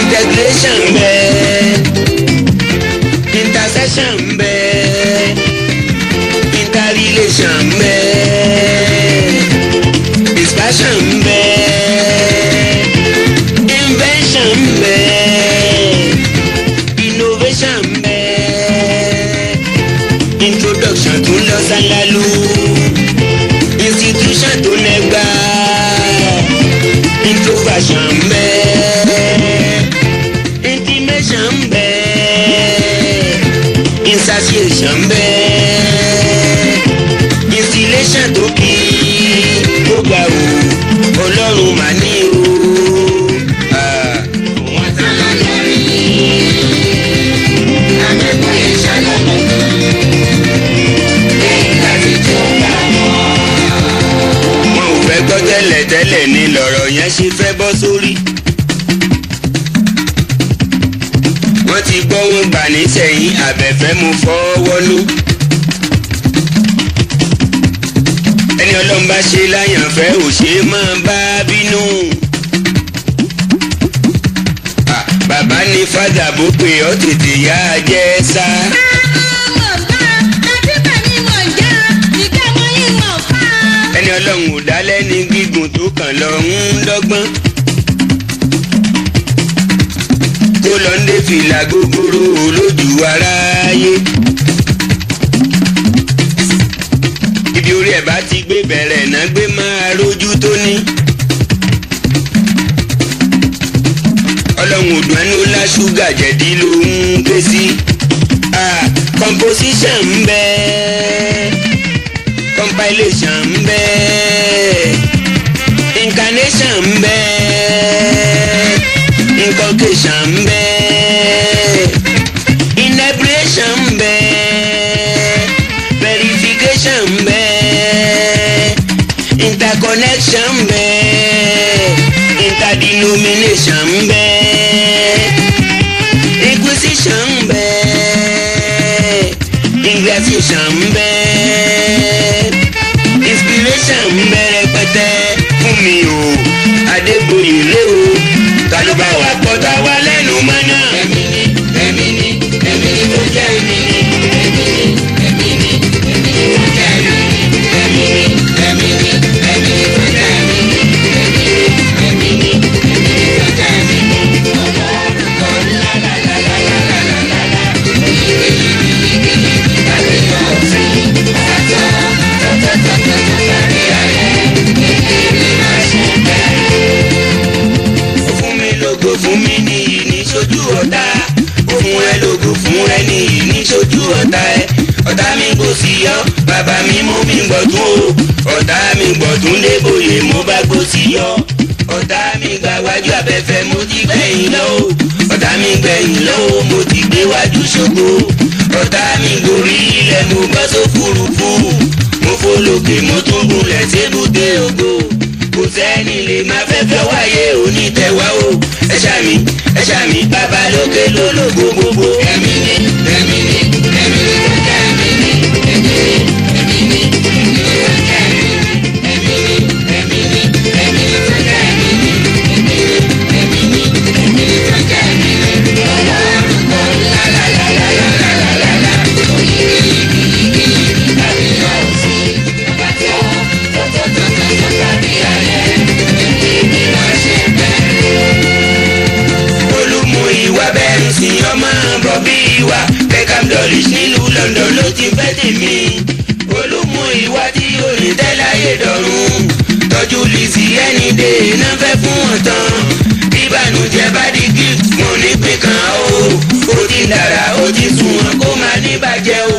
integration bẹ intersection bẹ interrelation bẹ dispersion bẹ invention bẹ innovation bẹ introduction tún lọ sálálu. tout ça tout n'est pas Il ne trouvera jamais Il ne jamais Il jamais abẹ́fẹ́ mu fọwọ́ lú. ẹni ọlọ́run bá ṣe láyànfẹ́ ò ṣe máa bá bínú. bàbá ní fàdà bó pè ọ́ tètè yá a jẹ́ sá. ẹni ọlọ́run ò dálẹ́ ní gígùn tó kàn lọ ń dọ́gbọ́n. tó lọ ń fìlà gogoro olójú aráyé. ibi orí ẹ̀ bá ti gbé bẹ̀rẹ̀ náà gbé máa rójú tó ní. ọlọ́run òdùn ẹni ó lá ṣúgà jẹ̀dí ló ń gbé sí. composition ń bẹ compilation ń bẹ incarnation ń bẹ inculcation ń bẹ. interconnection bẹ́ẹ̀ interdenomination bẹ́ẹ̀ inquisition bẹ́ẹ̀ ingression bẹ́ẹ̀ inspiration bẹ́ẹ̀ rẹpẹtẹ fún mi o Adéboyè lé o ta ló lò fún ẹni yìí níṣojú ọ̀tá ẹ ọ̀tá mi kò sí yọ bàbá mi mú mi gbọ̀dún o ọ̀tá mi gbọ̀dún débòye mo bá kò sí yọ ọ̀tá mi gbà wájú abẹ́fẹ́ mo ti gbẹ̀yìn lọ ọ̀tá mi gbẹ̀yìn lọ mo ti gbé wájú ṣògo ọ̀tá mi gorí ilẹ̀ mo bọ́ sófurufú mo fọlọ́gbẹ̀ mo tún gúnlẹ̀ sébùté ògo kò sẹ́ni lè má fẹ́fẹ́ wáyé onítẹ̀wá o ẹ ṣá mi ẹ̀ṣà mi babalókè lólógbòógbò ẹ̀mí Ondo ló ti fẹ́ tèmi olúmu ìwádìí onítẹ́láyé dọ̀run tọ́jú lìsì ẹni dé iná fẹ́ fún ọ̀tàn bíbànújẹ́ bá di gift mo ní pín kan o ó ti dára ó ti sùn wọn kó máa ní bàjẹ́ o.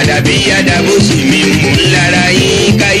Àdàbí àdàbò sì mi mú lára yín ká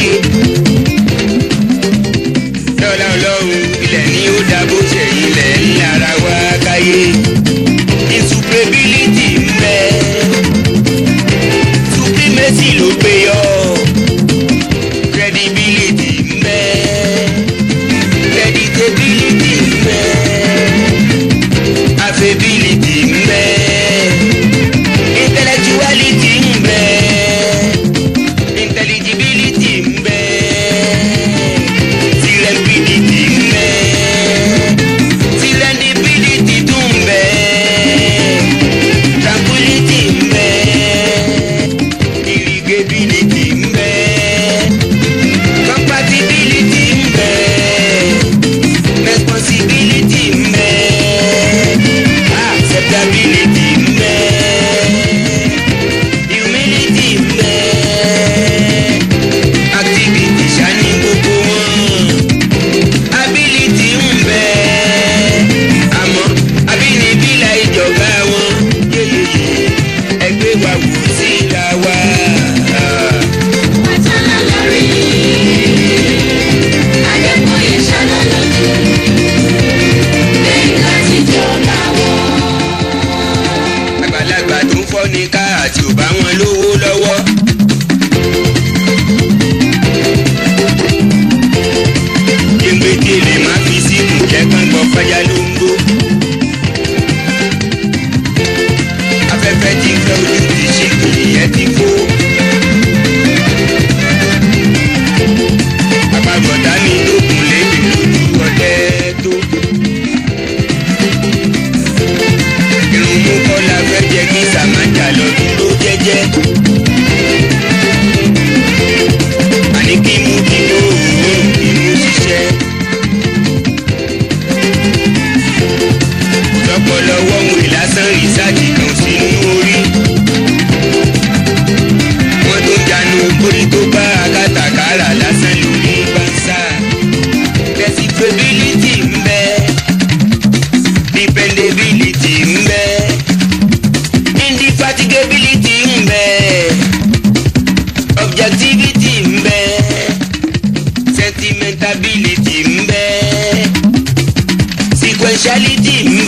see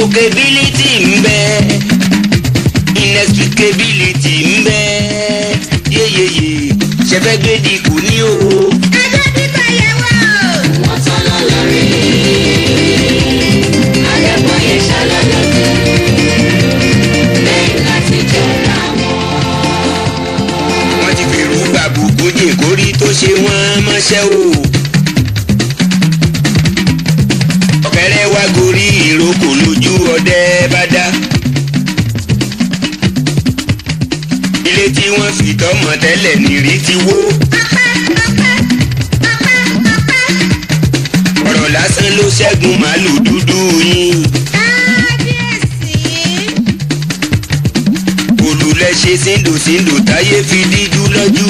Inexplicability, ń bẹ inexplicability ń bẹ yeyeye ṣẹfẹ gbèdì kò ní o. ẹjọ́ bíbá yẹ wá o. wọ́n sọ lọ lórí àdẹ́pọ̀ yẹn ṣàlọ́lọ́ lẹ́yìn láti jọra wọn. wọ́n ti fèrú gbàgbọ́ gbòjè kórí tó ṣe wọ́n mọ́ṣẹ́ o. bá gorí ìrókò lójú ọdẹ bá dá. ilé tí wọ́n fi tọ́mọ tẹ́lẹ̀ nìrí ti wó. ọ̀rọ̀ lásán ló ṣẹ́gun màálù dúdú yín. olùlẹ̀ ṣe síndòsíndò táyé fi díjú lọ́jú.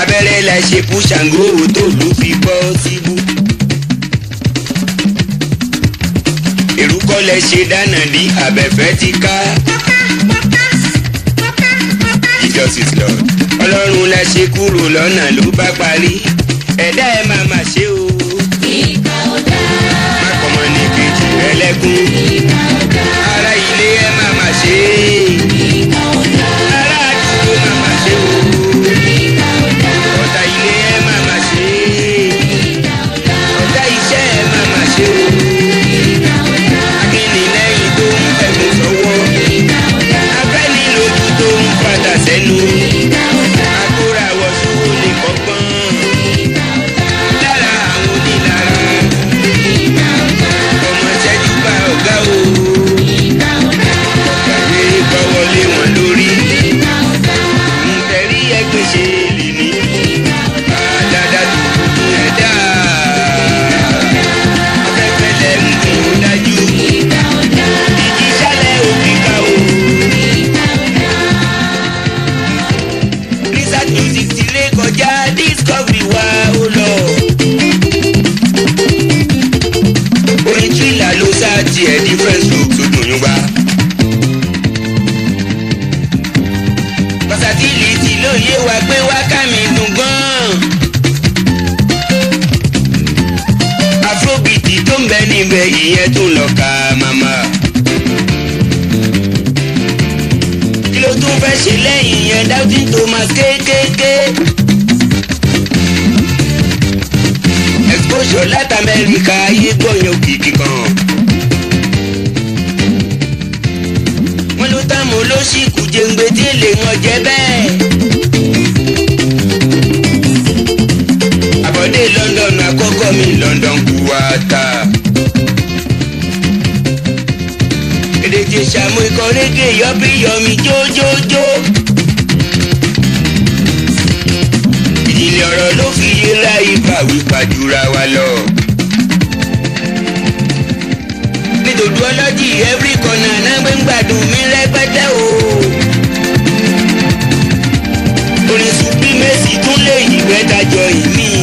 abẹ́rẹ́ la ṣe kú ṣàǹgó tó lù fi bọ́ síbú. kọ́lẹ̀ ṣe dáná ní abẹ́fẹ́ ti ká. Jesus is Lord ọlọ́run la ṣe kúrò lọ́nà ló bá parí ẹ̀dá ẹ̀ máa máa ṣe o. ìkà ọ̀dà. má kọ́mọ ní kejì ẹlẹ́gùn. ìkà. òjò látàmẹ́ríkà ayé gbòòyàn òkìkí kan. wọ́n ló tá mo ló sì kú jẹ́ǹgbẹ́ tí èlé wọn jẹ́ bẹ́ẹ̀. àbọ̀dé London àkọ́kọ́ mi London kú wa ta. èdè tí sàmú ikọ̀ rége yọ bí yọmi jójójó. aláìkàwé pàjùra wa lọ. nítorí ọlọ́jì every corner náà gbé ń gbádùn mi rẹpẹtẹ o. orin supremacy tún lè yí mẹ́ta jọ ìmí.